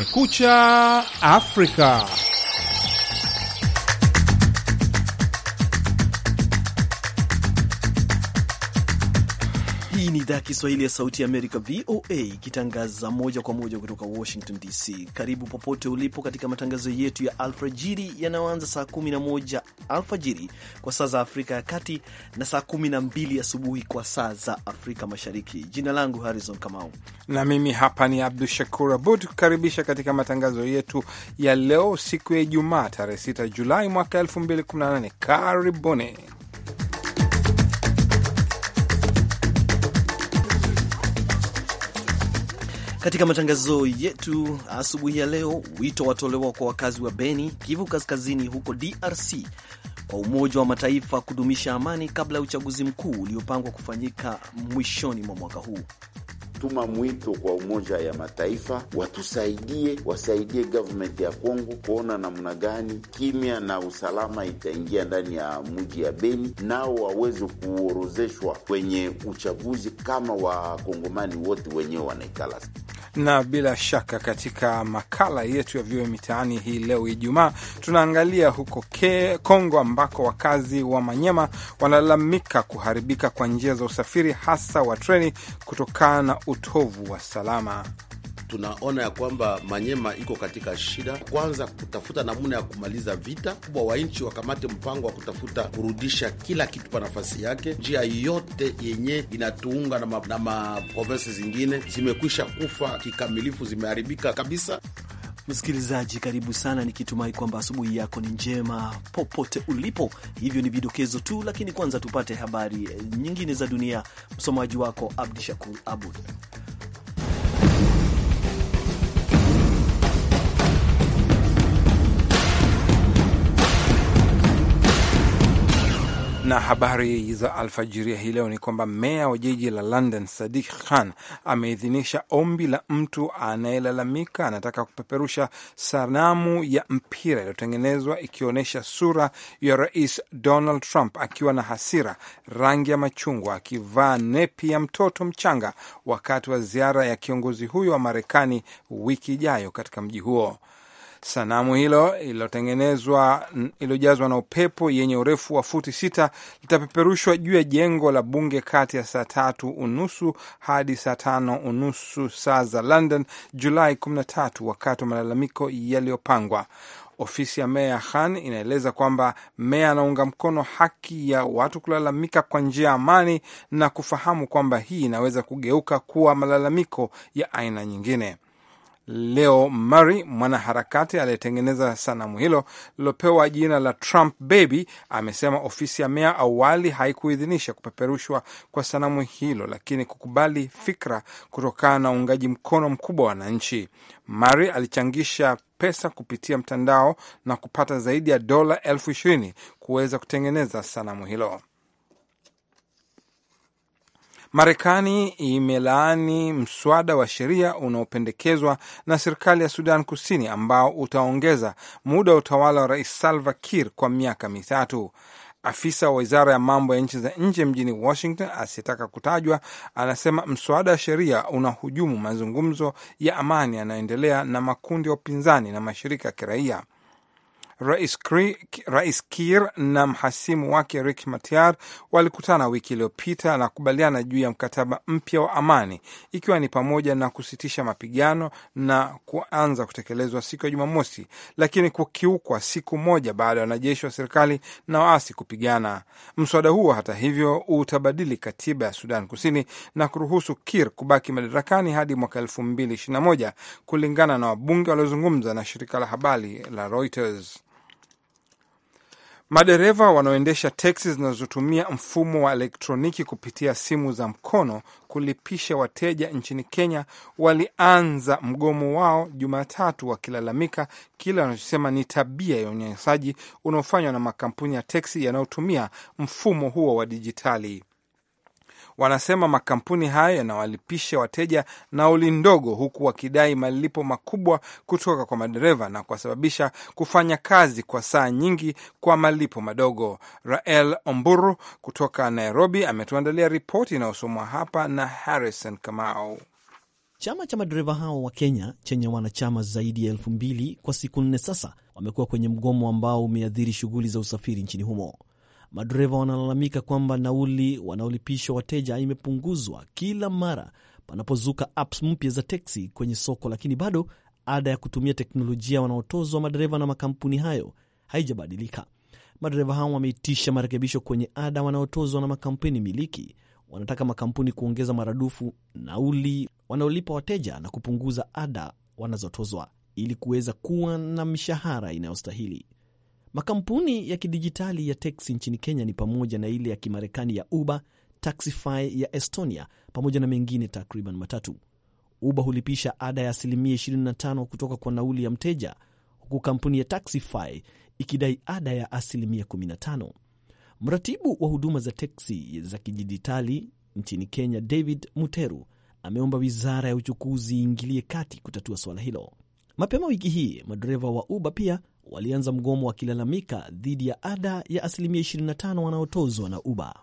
Escucha África. Hii ni idhaa ya Kiswahili ya Sauti ya Amerika, VOA, ikitangaza moja kwa moja kutoka Washington DC. Karibu popote ulipo katika matangazo yetu ya alfajiri yanayoanza saa 11 alfajiri kwa saa za Afrika ya Kati na saa 12 asubuhi kwa saa za Afrika Mashariki. Jina langu Harrison Kamau na mimi hapa ni Abdu Shakur Abud kukaribisha katika matangazo yetu ya leo, siku ya Ijumaa tarehe 6 Julai mwaka 2018. Karibuni. Katika matangazo yetu asubuhi ya leo, wito watolewa kwa wakazi wa Beni, Kivu Kaskazini huko DRC kwa Umoja wa Mataifa kudumisha amani kabla ya uchaguzi mkuu uliopangwa kufanyika mwishoni mwa mwaka huu tuma mwito kwa Umoja ya Mataifa watusaidie, wasaidie government ya Kongo kuona namna gani kimya na usalama itaingia ndani ya mji ya Beni, nao waweze kuorozeshwa kwenye uchaguzi kama wakongomani wote wenyewe wanaikala na bila shaka katika makala yetu ya vyoe mitaani hii leo Ijumaa, tunaangalia huko ke, Kongo ambako wakazi wa Manyema wanalalamika kuharibika kwa njia za usafiri hasa wa treni kutokana na utovu wa salama tunaona ya kwamba Manyema iko katika shida, kwanza kutafuta namna ya kumaliza vita kubwa, wanchi wakamate mpango wa kutafuta kurudisha kila kitu pa nafasi yake. Njia yote yenye inatuunga na maprovensi zingine zimekwisha kufa kikamilifu, zimeharibika kabisa. Msikilizaji, karibu sana, nikitumai kwamba asubuhi yako ni njema popote ulipo. Hivyo ni vidokezo tu, lakini kwanza tupate habari nyingine za dunia. Msomaji wako abdu Shakur Abud. Na habari za alfajiria hii leo ni kwamba meya wa jiji la London Sadiq Khan ameidhinisha ombi la mtu anayelalamika anataka kupeperusha sanamu ya mpira iliyotengenezwa ikionyesha sura ya Rais Donald Trump akiwa na hasira, rangi ya machungwa, akivaa nepi ya mtoto mchanga wakati wa ziara ya kiongozi huyo wa Marekani wiki ijayo katika mji huo. Sanamu hilo ililotengenezwa iliyojazwa na upepo yenye urefu wa futi sita litapeperushwa juu ya jengo la bunge kati ya saa tatu unusu hadi saa tano unusu saa za London Julai 13 wakati wa malalamiko yaliyopangwa. Ofisi ya meya Khan inaeleza kwamba meya anaunga mkono haki ya watu kulalamika kwa njia ya amani na kufahamu kwamba hii inaweza kugeuka kuwa malalamiko ya aina nyingine. Leo Murray, mwanaharakati aliyetengeneza sanamu hilo lilopewa jina la Trump Baby, amesema ofisi ya meya awali haikuidhinisha kupeperushwa kwa sanamu hilo, lakini kukubali fikra kutokana na uungaji mkono mkubwa wa wananchi. Murray alichangisha pesa kupitia mtandao na kupata zaidi ya dola elfu ishirini kuweza kutengeneza sanamu hilo. Marekani imelaani mswada wa sheria unaopendekezwa na serikali ya Sudan Kusini ambao utaongeza muda wa utawala wa Rais Salva Kiir kwa miaka mitatu. Afisa wa wizara ya mambo ya nchi za nje mjini Washington asiyetaka kutajwa anasema mswada wa sheria unahujumu mazungumzo ya amani yanayoendelea na makundi ya upinzani na mashirika ya kiraia. Rais, Rais na mhasimu wake rik matiar walikutana wiki iliyopita na kukubaliana juu ya mkataba mpya wa amani, ikiwa ni pamoja na kusitisha mapigano na kuanza kutekelezwa siku ya Jumamosi, lakini kukiukwa siku moja baada ya wanajeshi wa serikali na waasi kupigana. Mswada huo hata hivyo utabadili katiba ya Sudan Kusini na kuruhusu kir kubaki madarakani hadi mwaka moja kulingana na wabunge waliozungumza na shirika la habari la Reuters. Madereva wanaoendesha teksi zinazotumia mfumo wa elektroniki kupitia simu za mkono kulipisha wateja nchini Kenya walianza mgomo wao Jumatatu, wakilalamika kile wanachosema ni tabia ya unyanyasaji unaofanywa na makampuni ya teksi yanayotumia mfumo huo wa dijitali wanasema makampuni hayo yanawalipisha wateja nauli ndogo, huku wakidai malipo makubwa kutoka kwa madereva na kuwasababisha kufanya kazi kwa saa nyingi kwa malipo madogo. Rael Omburu kutoka Nairobi ametuandalia ripoti inayosomwa hapa na Harrison Kamau. Chama cha madereva hao wa Kenya chenye wanachama zaidi ya elfu mbili kwa siku nne sasa wamekuwa kwenye mgomo ambao umeathiri shughuli za usafiri nchini humo. Madereva wanalalamika kwamba nauli wanaolipishwa wateja imepunguzwa kila mara panapozuka apps mpya za teksi kwenye soko, lakini bado ada ya kutumia teknolojia wanaotozwa madereva na makampuni hayo haijabadilika. Madereva hao wameitisha marekebisho kwenye ada wanaotozwa na makampuni miliki. Wanataka makampuni kuongeza maradufu nauli wanaolipa wateja na kupunguza ada wanazotozwa ili kuweza kuwa na mishahara inayostahili. Makampuni ya kidijitali ya teksi nchini Kenya ni pamoja na ile ya Kimarekani ya Uber, Taxify ya Estonia pamoja na mengine takriban matatu. Uber hulipisha ada ya asilimia 25 kutoka kwa nauli ya mteja, huku kampuni ya Taxify ikidai ada ya asilimia 15. Mratibu wa huduma za teksi za kidijitali nchini Kenya, David Muteru, ameomba wizara ya uchukuzi iingilie kati kutatua suala hilo. Mapema wiki hii madereva wa Uber pia walianza mgomo wakilalamika dhidi ya ada ya asilimia 25 wanaotozwa na Uber.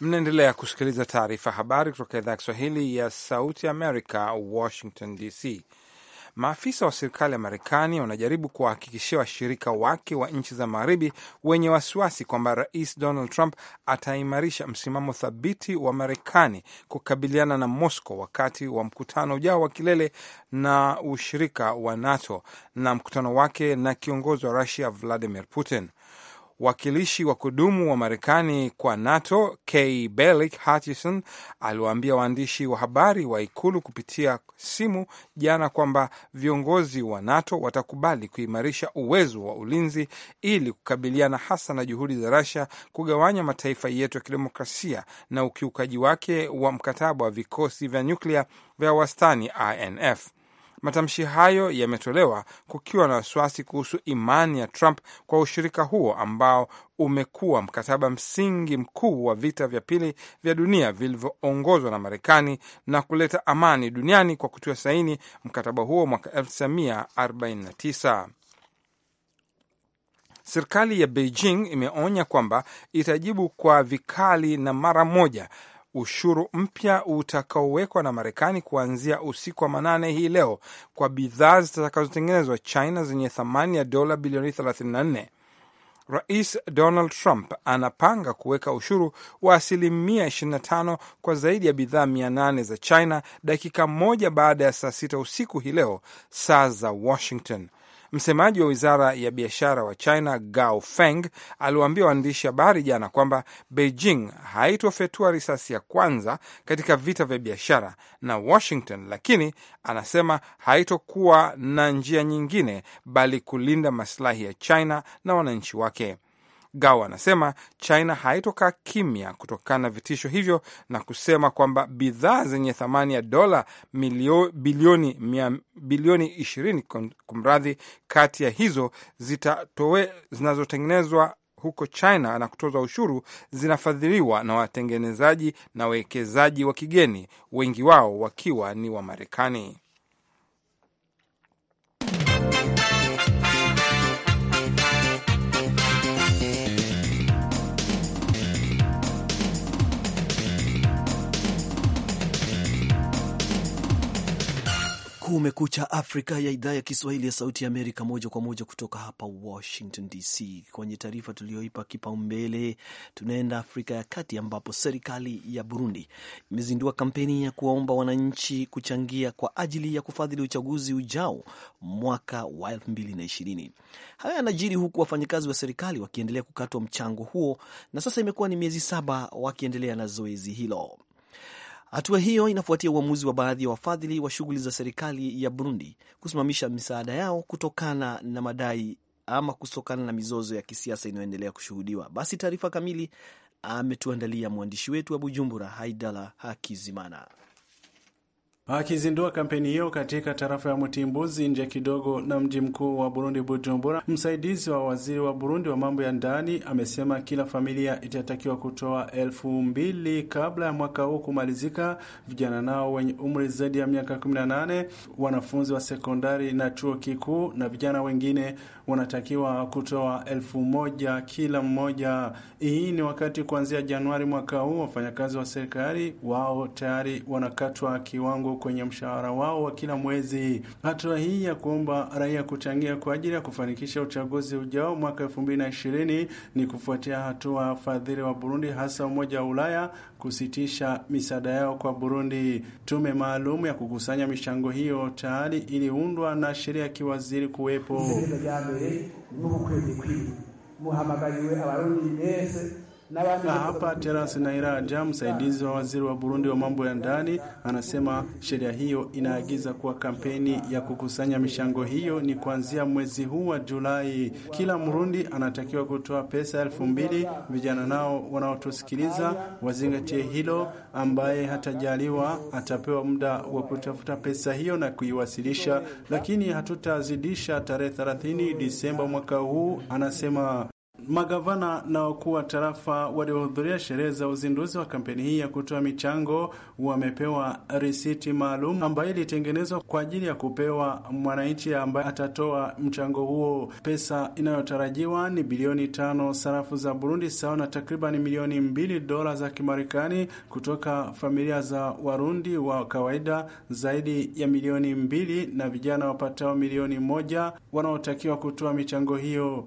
Mnaendelea kusikiliza taarifa habari kutoka idhaa ya Kiswahili ya Sauti Amerika, Washington DC. Maafisa wa serikali ya Marekani wanajaribu kuwahakikishia washirika wake wa nchi za magharibi wenye wasiwasi kwamba Rais Donald Trump ataimarisha msimamo thabiti wa Marekani kukabiliana na Moscow wakati wa mkutano ujao wa kilele na ushirika wa NATO na mkutano wake na kiongozi wa Rusia Vladimir Putin. Wakilishi wa kudumu wa Marekani kwa NATO k belik Hutchison aliwaambia waandishi wa habari wa ikulu kupitia simu jana kwamba viongozi wa NATO watakubali kuimarisha uwezo wa ulinzi ili kukabiliana hasa na juhudi za Russia kugawanya mataifa yetu ya kidemokrasia na ukiukaji wake wa mkataba wa vikosi vya nyuklia vya wastani INF. Matamshi hayo yametolewa kukiwa na wasiwasi kuhusu imani ya Trump kwa ushirika huo ambao umekuwa mkataba msingi mkuu wa vita vya pili vya dunia vilivyoongozwa na Marekani na kuleta amani duniani kwa kutia saini mkataba huo mwaka 1949. Serikali ya Beijing imeonya kwamba itajibu kwa vikali na mara moja ushuru mpya utakaowekwa na Marekani kuanzia usiku wa manane hii leo kwa bidhaa zitakazotengenezwa China zenye thamani ya dola bilioni 34. Rais Donald Trump anapanga kuweka ushuru wa asilimia 25 kwa zaidi ya bidhaa 800 za China dakika moja baada ya saa sita usiku hii leo saa za Washington. Msemaji wa wizara ya biashara wa China Gao Feng aliwaambia waandishi habari jana kwamba Beijing haitofyatua risasi ya kwanza katika vita vya biashara na Washington, lakini anasema haitokuwa na njia nyingine bali kulinda masilahi ya China na wananchi wake. Gao anasema China haitokaa kimya kutokana na vitisho hivyo na kusema kwamba bidhaa zenye thamani ya dola bilioni bilioni ishirini kumradhi, kati ya hizo zitatowe zinazotengenezwa huko China na kutoza ushuru zinafadhiliwa na watengenezaji na wawekezaji wa kigeni, wengi wao wakiwa ni Wamarekani. Kumekucha Afrika ya idhaa ya Kiswahili ya Sauti ya Amerika, moja kwa moja kutoka hapa Washington DC. Kwenye taarifa tuliyoipa kipaumbele, tunaenda Afrika ya Kati ambapo serikali ya Burundi imezindua kampeni ya kuwaomba wananchi kuchangia kwa ajili ya kufadhili uchaguzi ujao mwaka wa ishirini. Haya yanajiri huku wafanyakazi wa serikali wakiendelea kukatwa mchango huo, na sasa imekuwa ni miezi saba wakiendelea na zoezi hilo. Hatua hiyo inafuatia uamuzi wa baadhi ya wa wafadhili wa shughuli za serikali ya Burundi kusimamisha misaada yao kutokana na madai ama kutokana na mizozo ya kisiasa inayoendelea kushuhudiwa. Basi taarifa kamili ametuandalia mwandishi wetu wa Bujumbura, Haidala Hakizimana. Akizindua kampeni hiyo katika tarafa ya mtimbuzi nje kidogo na mji mkuu wa Burundi Bujumbura, msaidizi wa waziri wa Burundi wa mambo ya ndani amesema kila familia itatakiwa kutoa elfu mbili kabla ya mwaka huu kumalizika. Vijana nao wenye umri zaidi ya miaka 18, wanafunzi wa sekondari na chuo kikuu na vijana wengine wanatakiwa kutoa elfu moja kila mmoja. Hii ni wakati kuanzia Januari mwaka huu wafanyakazi wa serikali wao tayari wanakatwa kiwango kwenye mshahara wao wa kila mwezi. Hatua hii ya kuomba raia kuchangia kwa ajili ya kufanikisha uchaguzi ujao mwaka ishirini ni kufuatia hatua wafadhili wa Burundi, hasa Umoja wa Ulaya, kusitisha misaada yao kwa Burundi. Tume maalum ya kukusanya michango hiyo tayari iliundwa na sheria ya kiwaziri kuwepo na hapa Terasinahiraja, msaidizi wa waziri wa Burundi wa mambo ya ndani, anasema sheria hiyo inaagiza kuwa kampeni ya kukusanya michango hiyo ni kuanzia mwezi huu wa Julai. Kila Mrundi anatakiwa kutoa pesa elfu mbili. Vijana nao wanaotusikiliza wazingatie hilo. Ambaye hatajaliwa atapewa muda wa kutafuta pesa hiyo na kuiwasilisha, lakini hatutazidisha tarehe 30 Disemba mwaka huu, anasema Magavana na wakuu wa tarafa waliohudhuria sherehe za uzinduzi wa kampeni hii ya kutoa michango wamepewa risiti maalum ambayo ilitengenezwa kwa ajili ya kupewa mwananchi ambaye atatoa mchango huo. Pesa inayotarajiwa ni bilioni tano sarafu za Burundi, sawa na takriban milioni mbili dola za Kimarekani kutoka familia za Warundi wa kawaida zaidi ya milioni mbili na vijana wapatao milioni moja wanaotakiwa kutoa michango hiyo.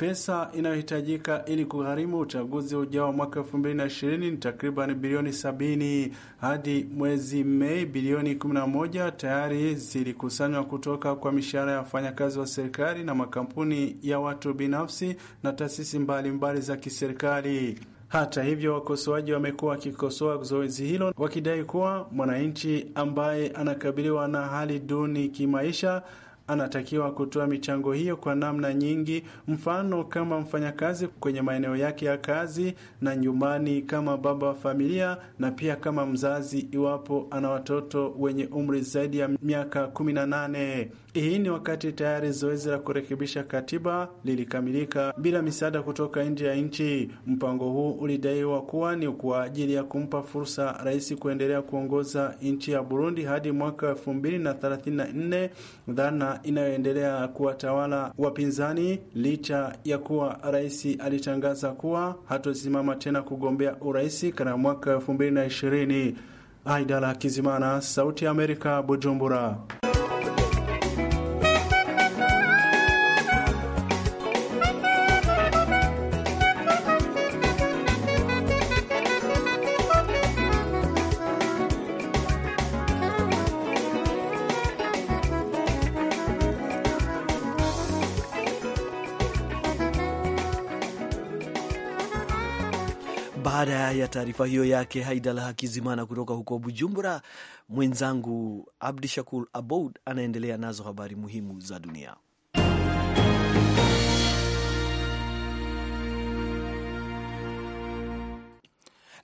Pesa inayohitajika ili kugharimu uchaguzi ujao mwaka ishirini ni takriban bilioni sabini. Hadi mwezi Mei, bilioni 11 tayari zilikusanywa kutoka kwa mishahara ya wafanyakazi wa serikali na makampuni ya watu binafsi na taasisi mbalimbali za kiserikali. Hata hivyo, wakosoaji wamekuwa wakikosoa zoezi hilo wakidai kuwa mwananchi ambaye anakabiliwa na hali duni kimaisha anatakiwa kutoa michango hiyo kwa namna nyingi, mfano kama mfanyakazi kwenye maeneo yake ya kazi na nyumbani, kama baba wa familia na pia kama mzazi, iwapo ana watoto wenye umri zaidi ya miaka 18. Hii ni wakati tayari zoezi la kurekebisha katiba lilikamilika bila misaada kutoka nje ya nchi. Mpango huu ulidaiwa kuwa ni kwa ajili ya kumpa fursa rais kuendelea kuongoza nchi ya Burundi hadi mwaka elfu na nne, dhana inayoendelea kuwatawala wapinzani, licha ya kuwa rais alitangaza kuwa hatosimama tena kugombea urais kana mwaka ishirini. Aidala Kizimana, Sauti ya Amerika, Bujumbura. taarifa hiyo yake Haidala Hakizimana kutoka huko Bujumbura. Mwenzangu abdishakur Shakur anaendelea nazo habari muhimu za dunia.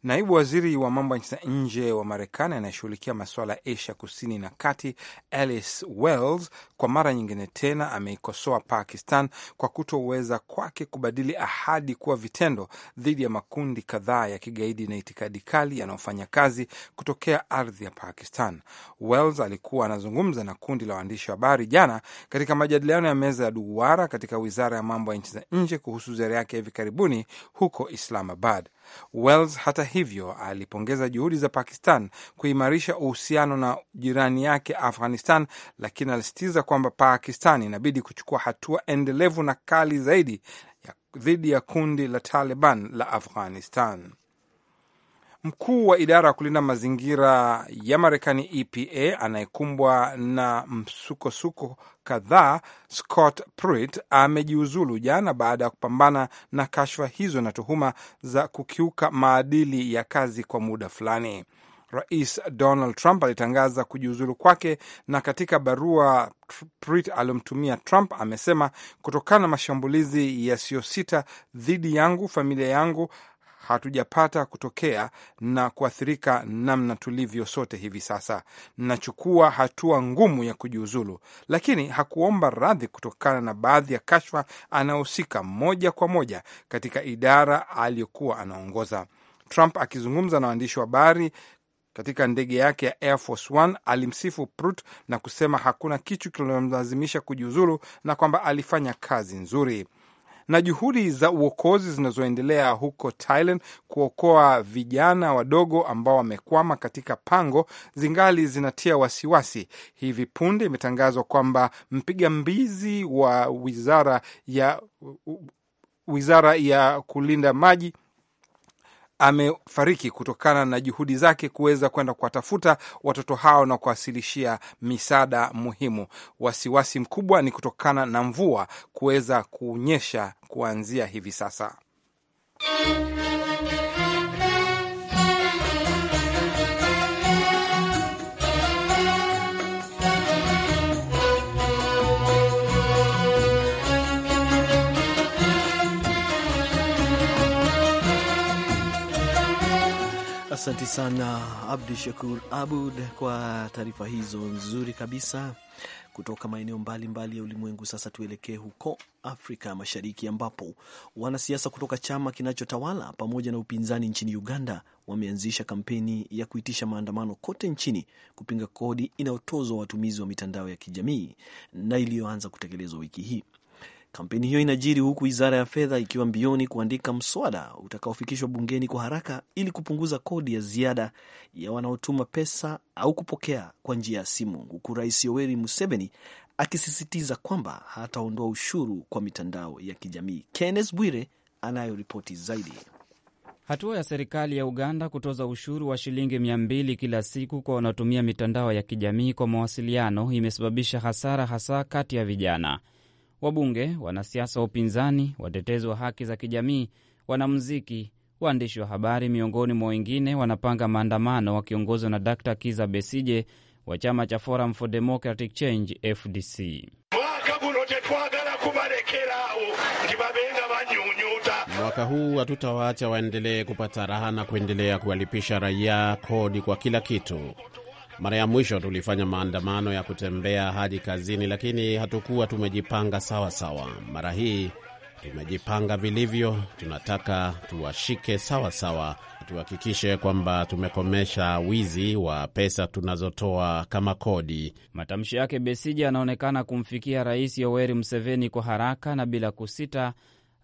Naibu waziri wa mambo ya nje wa Marekani anayeshughulikia masuala ya Asia kusini na kati, Alice Wells, kwa mara nyingine tena ameikosoa Pakistan kwa kutoweza kwake kubadili ahadi kuwa vitendo dhidi ya makundi kadhaa ya kigaidi na itikadi kali yanayofanya kazi kutokea ardhi ya Pakistan. Wells alikuwa anazungumza na kundi la waandishi wa habari jana katika majadiliano ya meza ya duara katika wizara ya mambo ya nchi za nje kuhusu ziara yake ya hivi karibuni huko Islamabad. Wells hata hivyo alipongeza juhudi za Pakistan kuimarisha uhusiano na jirani yake Afghanistan, lakini alisisitiza kwamba Pakistan inabidi kuchukua hatua endelevu na kali zaidi dhidi ya kundi la Taliban la Afghanistan. Mkuu wa idara ya kulinda mazingira ya Marekani, EPA, anayekumbwa na msukosuko kadhaa, Scott Pruitt amejiuzulu jana baada ya kupambana na kashfa hizo na tuhuma za kukiuka maadili ya kazi kwa muda fulani. Rais Donald Trump alitangaza kujiuzulu kwake, na katika barua Pruitt aliyomtumia Trump amesema, kutokana na mashambulizi yasiyosita dhidi yangu, familia yangu hatujapata kutokea na kuathirika namna tulivyo sote hivi sasa. Nachukua hatua ngumu ya kujiuzulu, lakini hakuomba radhi kutokana na baadhi ya kashfa anahusika moja kwa moja katika idara aliyokuwa anaongoza. Trump akizungumza na waandishi wa habari katika ndege yake ya Air Force One alimsifu Prut na kusema hakuna kitu kililomlazimisha kujiuzulu na kwamba alifanya kazi nzuri na juhudi za uokozi zinazoendelea huko Thailand kuokoa vijana wadogo ambao wamekwama katika pango zingali zinatia wasiwasi. Hivi punde imetangazwa kwamba mpiga mbizi wa wizara ya wizara ya kulinda maji amefariki kutokana na juhudi zake kuweza kwenda kuwatafuta watoto hao na kuwasilishia misaada muhimu. Wasiwasi mkubwa ni kutokana na mvua kuweza kunyesha kuanzia hivi sasa. Asante sana Abdu Shakur Abud kwa taarifa hizo nzuri kabisa kutoka maeneo mbalimbali ya ulimwengu. Sasa tuelekee huko Afrika Mashariki, ambapo wanasiasa kutoka chama kinachotawala pamoja na upinzani nchini Uganda wameanzisha kampeni ya kuitisha maandamano kote nchini kupinga kodi inayotozwa watumizi wa mitandao ya kijamii na iliyoanza kutekelezwa wiki hii. Kampeni hiyo inajiri huku wizara ya fedha ikiwa mbioni kuandika mswada utakaofikishwa bungeni kwa haraka ili kupunguza kodi ya ziada ya wanaotuma pesa au kupokea kwa njia ya simu, huku Rais Yoweri Museveni akisisitiza kwamba hataondoa ushuru kwa mitandao ya kijamii. Kenneth Bwire anayo ripoti zaidi. Hatua ya serikali ya Uganda kutoza ushuru wa shilingi mia mbili kila siku kwa wanaotumia mitandao ya kijamii kwa mawasiliano imesababisha hasara hasa kati ya vijana wabunge, wanasiasa wa upinzani, watetezi wa haki za kijamii, wanamuziki, waandishi wa habari, miongoni mwa wengine, wanapanga maandamano wakiongozwa na Dr. Kiza Besije wa chama cha Forum for Democratic Change FDC. Mwaka huu hatutawaacha waendelee kupata raha na kuendelea kuwalipisha raia kodi kwa kila kitu. Mara ya mwisho tulifanya maandamano ya kutembea hadi kazini, lakini hatukuwa tumejipanga sawa sawa. Mara hii tumejipanga vilivyo. Tunataka tuwashike sawa sawa, tuhakikishe kwamba tumekomesha wizi wa pesa tunazotoa kama kodi. Matamshi yake Besija yanaonekana kumfikia Rais Yoweri Museveni kwa haraka na bila kusita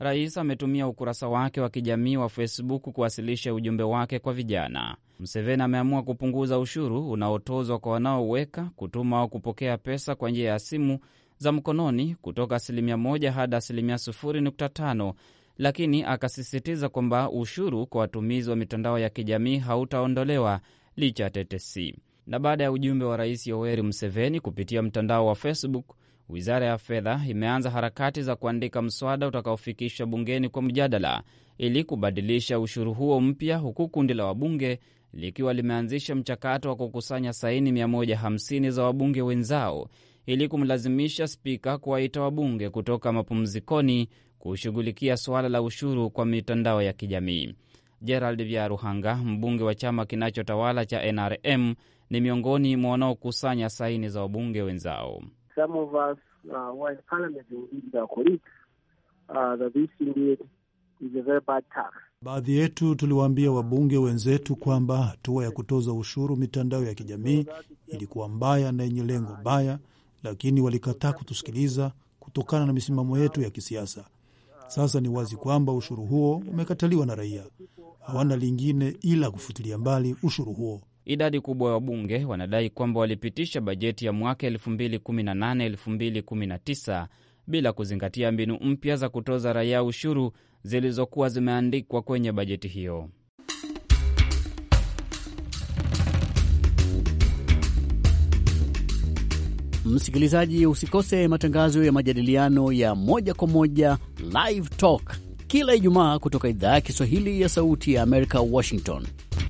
Rais ametumia ukurasa wake wa kijamii wa Facebook kuwasilisha ujumbe wake kwa vijana. mseveni ameamua kupunguza ushuru unaotozwa kwa wanaoweka, kutuma au kupokea pesa kwa njia ya simu za mkononi kutoka asilimia moja hadi asilimia sufuri nukta tano, lakini akasisitiza kwamba ushuru kwa watumizi wa mitandao ya kijamii hautaondolewa licha ya tetesi. Na baada ya ujumbe wa Rais Yoweri Museveni kupitia mtandao wa Facebook, Wizara ya Fedha imeanza harakati za kuandika mswada utakaofikisha bungeni kwa mjadala ili kubadilisha ushuru huo mpya, huku kundi la wabunge likiwa limeanzisha mchakato wa kukusanya saini 150 za wabunge wenzao ili kumlazimisha spika kuwaita wabunge kutoka mapumzikoni kushughulikia suala la ushuru kwa mitandao ya kijamii. Gerald ruhanga mbunge wa chama kinachotawala cha NRM, ni miongoni mwa wanaokusanya saini za wabunge wenzao some of us uh, who are in parliament in our colleagues uh, that this indeed is a very bad tax. Baadhi yetu tuliwaambia wabunge wenzetu kwamba hatua ya kutoza ushuru mitandao ya kijamii ilikuwa mbaya na yenye lengo baya, lakini walikataa kutusikiliza kutokana na misimamo yetu ya kisiasa. Sasa ni wazi kwamba ushuru huo umekataliwa na raia, hawana lingine ila kufutilia mbali ushuru huo. Idadi kubwa ya wabunge wanadai kwamba walipitisha bajeti ya mwaka 2018-2019 bila kuzingatia mbinu mpya za kutoza raia ushuru zilizokuwa zimeandikwa kwenye bajeti hiyo. Msikilizaji, usikose matangazo ya majadiliano ya moja kwa moja Live Talk kila Ijumaa kutoka idhaa ya Kiswahili ya Sauti ya Amerika, Washington.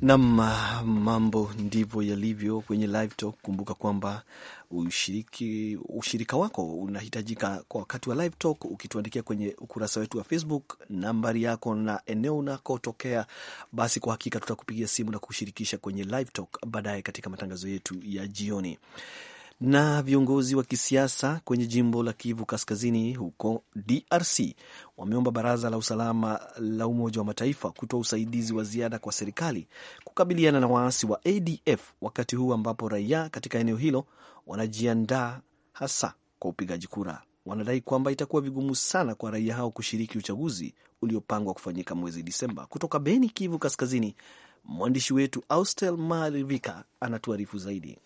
Nam, mambo ndivyo yalivyo kwenye live talk. Kumbuka kwamba ushiriki, ushirika wako unahitajika kwa wakati wa live talk, ukituandikia kwenye ukurasa wetu wa Facebook nambari yako na eneo unakotokea, basi kwa hakika tutakupigia simu na kushirikisha kwenye live talk baadaye katika matangazo yetu ya jioni na viongozi wa kisiasa kwenye jimbo la Kivu Kaskazini huko DRC wameomba Baraza la Usalama la Umoja wa Mataifa kutoa usaidizi wa ziada kwa serikali kukabiliana na waasi wa ADF wakati huu ambapo raia katika eneo hilo wanajiandaa hasa kwa upigaji kura. Wanadai kwamba itakuwa vigumu sana kwa raia hao kushiriki uchaguzi uliopangwa kufanyika mwezi Disemba. Kutoka Beni, Kivu Kaskazini, mwandishi wetu Austel Malivika anatuarifu zaidi.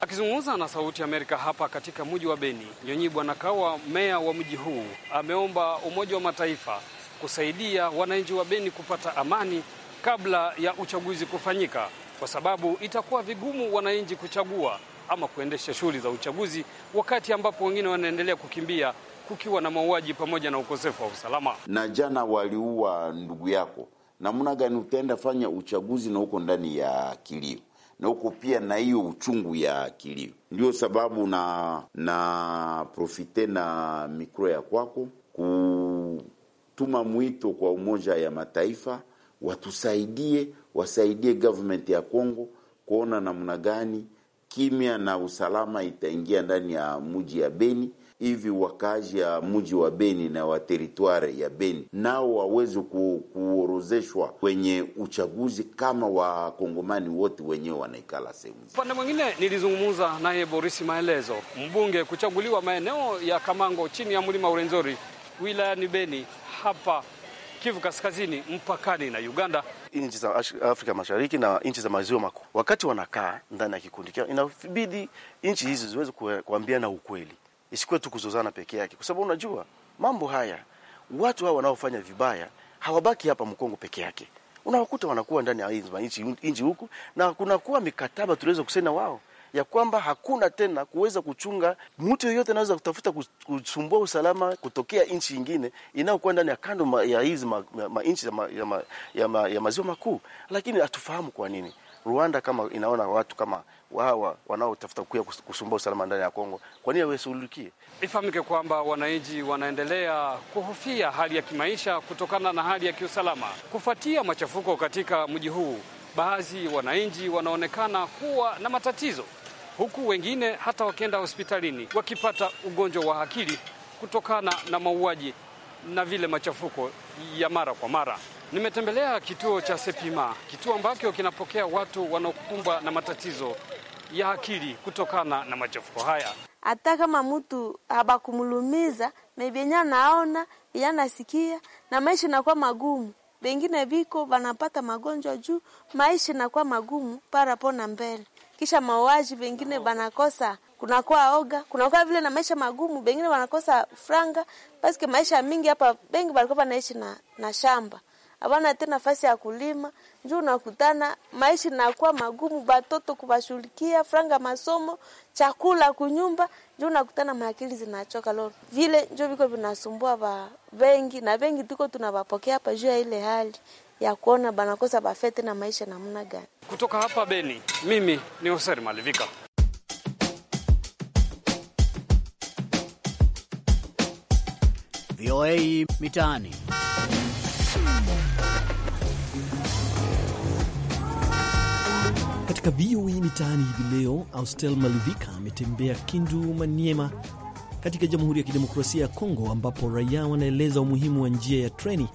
Akizungumza na Sauti ya Amerika hapa katika mji wa Beni, Nyonyi Bwana Kawa, meya wa mji huu, ameomba Umoja wa Mataifa kusaidia wananchi wa Beni kupata amani kabla ya uchaguzi kufanyika, kwa sababu itakuwa vigumu wananchi kuchagua ama kuendesha shughuli za uchaguzi wakati ambapo wengine wanaendelea kukimbia kukiwa na mauaji pamoja na ukosefu wa usalama. Na jana waliua ndugu yako, namna gani utaenda fanya uchaguzi na huko ndani ya kilio? na huko pia na hiyo uchungu ya kilio. Ndio sababu na na profite na mikro ya kwako kutuma mwito kwa Umoja ya Mataifa watusaidie, wasaidie government ya Kongo kuona namna gani kimya na usalama itaingia ndani ya mji ya Beni hivi wakaaji ya mji wa Beni na wa teritwari ya Beni nao waweze ku, kuorozeshwa kwenye uchaguzi kama wakongomani wote wenyewe wanaikala sehemu. Upande mwingine nilizungumza naye Boris Maelezo, mbunge kuchaguliwa maeneo ya Kamango chini ya mlima Urenzori wilayani Beni hapa Kivu Kaskazini mpakani na Uganda, nchi za Afrika Mashariki na nchi za maziwa makuu. Wakati wanakaa ndani ya kikundi chao, inabidi nchi hizi ziweze kuambiana ukweli isikuwe tu kuzozana peke yake, kwa sababu unajua mambo haya, watu hao wanaofanya vibaya hawabaki hapa Mkongo peke yake, unawakuta wanakuwa ndani ya nchi huku, na kunakuwa mikataba tuliweza kusema wao ya kwamba hakuna tena kuweza kuchunga mtu yeyote anaweza kutafuta kusumbua usalama kutokea nchi nyingine inayokuwa ndani ya kando ya hizi ma, ma, ma, nchi ya, ya, ma, ya, ma, ya maziwa makuu, lakini hatufahamu kwa nini Rwanda kama inaona watu kama wawa wanaotafuta kuya kusumbua usalama ndani ya Kongo, kwa nini wasuluhikie? Ifahamike kwamba wananchi wanaendelea kuhofia hali ya kimaisha kutokana na hali ya kiusalama kufuatia machafuko katika mji huu. Baadhi wananchi wanaonekana kuwa na matatizo, huku wengine hata wakienda hospitalini wakipata ugonjwa wa akili kutokana na mauaji na vile machafuko ya mara kwa mara. Nimetembelea kituo cha Sepima, kituo ambacho kinapokea watu wanaokumbwa na matatizo ya akili kutokana na machafuko haya. Hata kama mtu habakumulumiza mebenya, naona yanasikia na maisha inakuwa magumu, vengine viko vanapata magonjwa juu maisha inakuwa magumu parapona mbele, kisha mauaji vengine vanakosa kunakuwa oga, kunakuwa vile na maisha magumu, bengine wanakosa franga paske maisha mingi hapa bengi walikuwa naishi na, na shamba abana tena nafasi ya kulima njuu, nakutana maisha nakuwa magumu, batoto kubashughulikia, franga masomo, chakula kunyumba, njuu nakutana maakili zinachoka lolo vile, njoo viko vinasumbua ba bengi na bengi, tuko tunawapokea hapa juu ya ile hali ya kuona banakosa bafete na maisha namna gani. Kutoka hapa Beni, mimi ni Hoseri Malivika. VOA Mitaani. Katika VOA Mitaani hivi leo, Austel Malivika ametembea Kindu, Maniema katika Jamhuri ya Kidemokrasia ya Kongo, ambapo raia wanaeleza umuhimu wa njia ya treni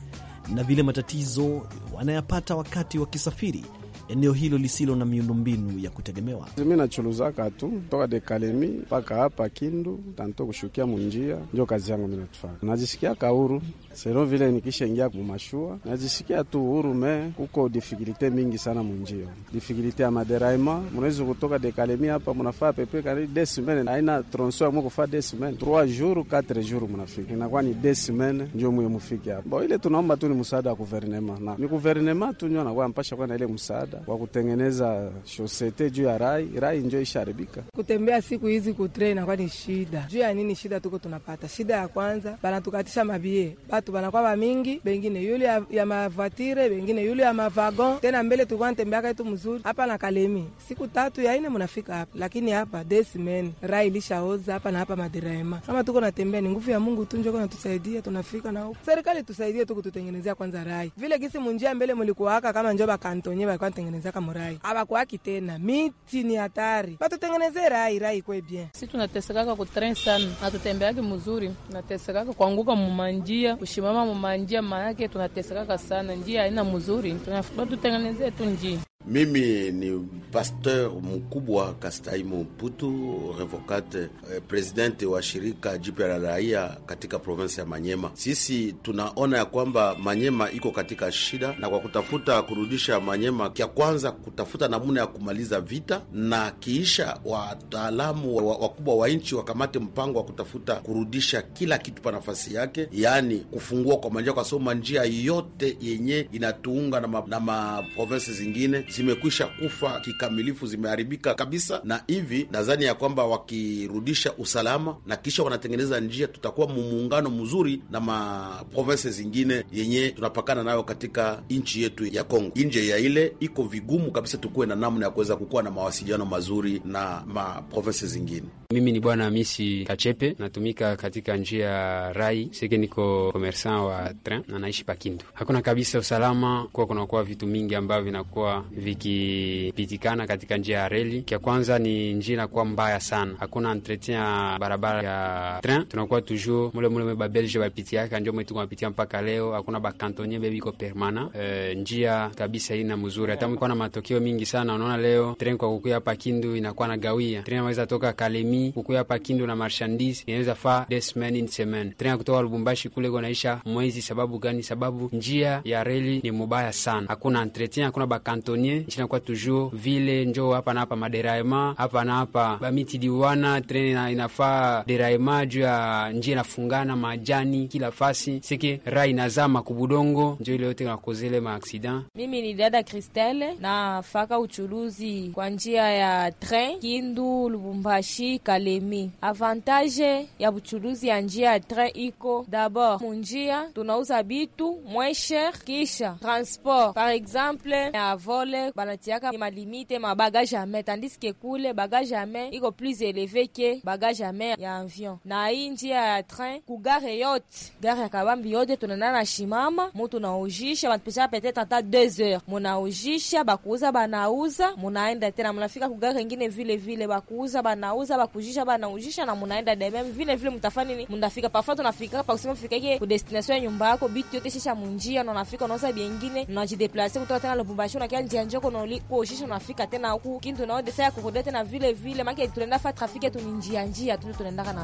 na vile matatizo wanayapata wakati wakisafiri eneo hilo lisilo na miundombinu ya kutegemewa. Mi nachuluzaka tu toka Dekalemi mpaka hapa Kindu tanto kushukia munjia, ndio kazi yangu minatufaka. Najisikia kauru sero vile nikisha ingia kumashua, najisikia tu huru me kuko difikilite mingi sana munjia, difikilite ya maderaima. Munaweza kutoka Dekalemi hapa munafaa pepe kani desimene, aina tronso yamwe kufaa desimene trois jours quatre jours munafika, inakuwa ni desimene ndio mwye mufike hapa bo. Ile tunaomba tu ni msaada wa guvernema, na ni guvernema tu ndio anakuwa mpasha kwa na ile msaada wa kutengeneza shosete juu ya rai, rai njo isharibika. Kutembea siku hizi kutre inakuwa ni shida. Juu ya nini shida tuko tunapata? Shida ya kwanza banatukatisha mabie, batu banakuwa bamingi, bengine yule ya, ya mavatire, bengine yule ya mavagon. Tena mbele tulikuwa natembeaka yetu mzuri hapa na Kalemi, siku tatu ya ine munafika hapa, lakini hapa desmen rai ilishaoza hapa na hapa madiraema. Kama tuko natembea ni nguvu ya Mungu tu njoko natusaidia, tunafika na huku. Serikali tusaidie tu kututengenezea kwanza rai vile gisi munjia mbele mulikuwaka kama njo bakantonye balikuwa wanatengenezaka murai abakwaki tena. Miti ni hatari, batutengeneze rai rai kwe bien. Si tunatesekaka kutren sana, natutembeaki muzuri, tunatesekaka kuanguka mumanjia, kushimama mumanjia, maanake tunatesekaka sana, njia haina muzuri, vatutengeneze tu njia mimi ni pasteur mkubwa Kastaimu putu Revokate, eh, presidenti wa shirika jipya la raia katika provinsi ya Manyema. Sisi tunaona ya kwamba Manyema iko katika shida, na kwa kutafuta kurudisha Manyema, kya kwanza kutafuta namuna ya kumaliza vita, na kiisha wataalamu wakubwa wa, wa, nchi wakamate mpango wa kutafuta kurudisha kila kitu pa nafasi yake, yaani kufungua kwa manjia, kwa sababu njia yote yenye inatuunga na maprovensi zingine zimekwisha kufa kikamilifu, zimeharibika kabisa, na hivi nadhani ya kwamba wakirudisha usalama na kisha wanatengeneza njia, tutakuwa muungano mzuri na maprovense zingine yenye tunapakana nayo katika nchi yetu ya Kongo. Nje ya ile iko vigumu kabisa, tukuwe na namna ya kuweza kukuwa na mawasiliano mazuri na maprovense zingine. Mimi ni Bwana Misi Kachepe, natumika katika njia ya rai seke, niko komersan wa train na naishi Pakindu. Hakuna kabisa usalama, kuwa kunakuwa vitu mingi ambavyo vinakuwa vikipitikana katika njia ya reli. Kya kwanza ni njia inakuwa mbaya sana, hakuna entretien ya barabara ya train, tunakuwa toujours mule mule babelge bapitiaka njo mwetu kwapitia mpaka leo, hakuna bakantonie bebiko permana. E, eh, njia kabisa ina mzuri, hata mkuwa na matokeo mingi sana. Unaona leo tren kwa kukuya hapa Kindu inakuwa na gawia, tren inaweza toka Kalemi kukuya hapa Kindu na marchandise inaweza fa des semaine in semaine, tren kutoka Lubumbashi kule naisha mwezi. Sababu gani? Sababu njia ya reli ni mubaya sana, hakuna entretien, hakuna bakantonie mwenye chinakuwa toujours vile njo hapa na hapa maderaema hapa na hapa bamiti diwana treni inafaa deraema juu ya njia inafungana majani kila fasi siki ra inazama kubudongo njo ile yote nakozele maaksida. Mimi ni dada Kristele nafaka uchuluzi kwa njia ya tren Kindu, Lubumbashi, Kalemi. Avantage ya buchuluzi ya njia ya tren iko dabord munjia tunauza bitu mwesher kisha transport par exemple ya vole ma banatiaka malimite ma bagage à main tandis que kule bagage main il iko plus élevé que bagage ya mer ya avion. Na hii njia ya train ku gare yote, gare ya kabambi yote tunana na shimama, mutu naujisha banapesha peut-être 2 heures, munaujisha bakuuza, banauza, munaenda tena munafika ku gare ingine vile vile, bakuuza, banauza, bakujisha, banaujisha na munaenda demem vile vile, mutafanya nini? Mundafika parfois tunafika pa kusema mfikake ku destination ya nyumba yako, bitu yote shisha munjia, na a unauza biengine, unajideplace kutoka tena Lubumbashi unakia njia maji yako kuoshisha unafika tena huku kini tunaodesaya kukodea tena vile vile, maana tunaenda fa trafiki yetu ni njia njia tu tunaendaka na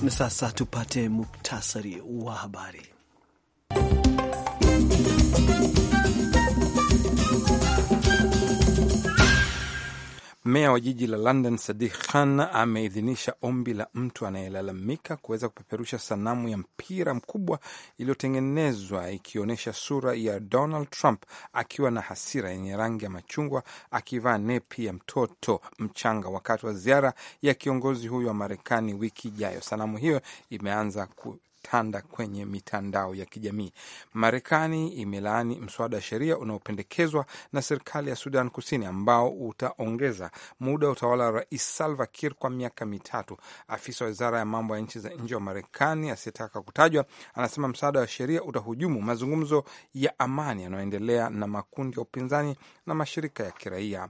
na. Sasa tupate muktasari wa habari Meya wa jiji la London Sadiq Khan ameidhinisha ombi la mtu anayelalamika kuweza kupeperusha sanamu ya mpira mkubwa iliyotengenezwa ikionyesha sura ya Donald Trump akiwa na hasira yenye rangi ya machungwa akivaa nepi ya mtoto mchanga wakati wa ziara ya kiongozi huyo wa Marekani wiki ijayo. Sanamu hiyo imeanza ku unaotanda kwenye mitandao ya kijamii. Marekani imelaani mswada wa sheria unaopendekezwa na serikali ya Sudan Kusini ambao utaongeza muda wa utawala wa Rais Salva Kiir kwa miaka mitatu. Afisa wa wizara ya mambo ya nchi za nje wa Marekani asiyetaka kutajwa anasema msaada wa sheria utahujumu mazungumzo ya amani yanayoendelea na makundi ya upinzani na mashirika ya kiraia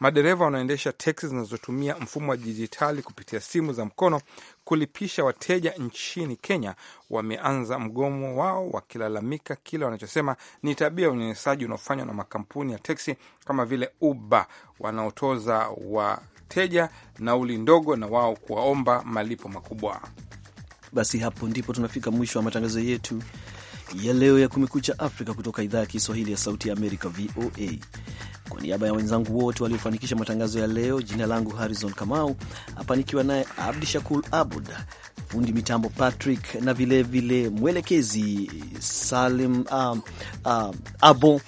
madereva wanaoendesha teksi zinazotumia mfumo wa dijitali kupitia simu za mkono kulipisha wateja nchini Kenya wameanza mgomo wao wakilalamika kile wanachosema ni tabia ya unyanyasaji unaofanywa na makampuni ya teksi kama vile Uber wanaotoza wateja nauli ndogo na wao kuwaomba malipo makubwa. Basi hapo ndipo tunafika mwisho wa matangazo yetu ya leo ya Kumekucha Afrika kutoka idhaa ya Kiswahili ya Sauti ya Amerika, VOA. Kwa niaba ya wenzangu wote waliofanikisha matangazo ya leo, jina langu Harrison Kamau, hapa nikiwa naye Abdi Shakur Abud, fundi mitambo Patrick na vilevile vile mwelekezi Salim uh, uh, Abo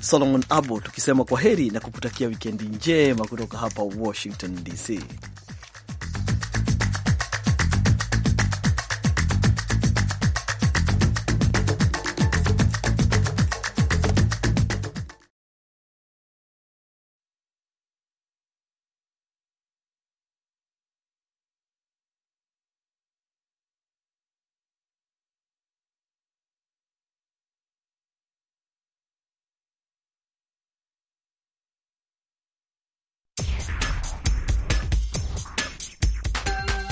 Solomon Abo, tukisema kwa heri na kukutakia wikendi njema kutoka hapa Washington DC.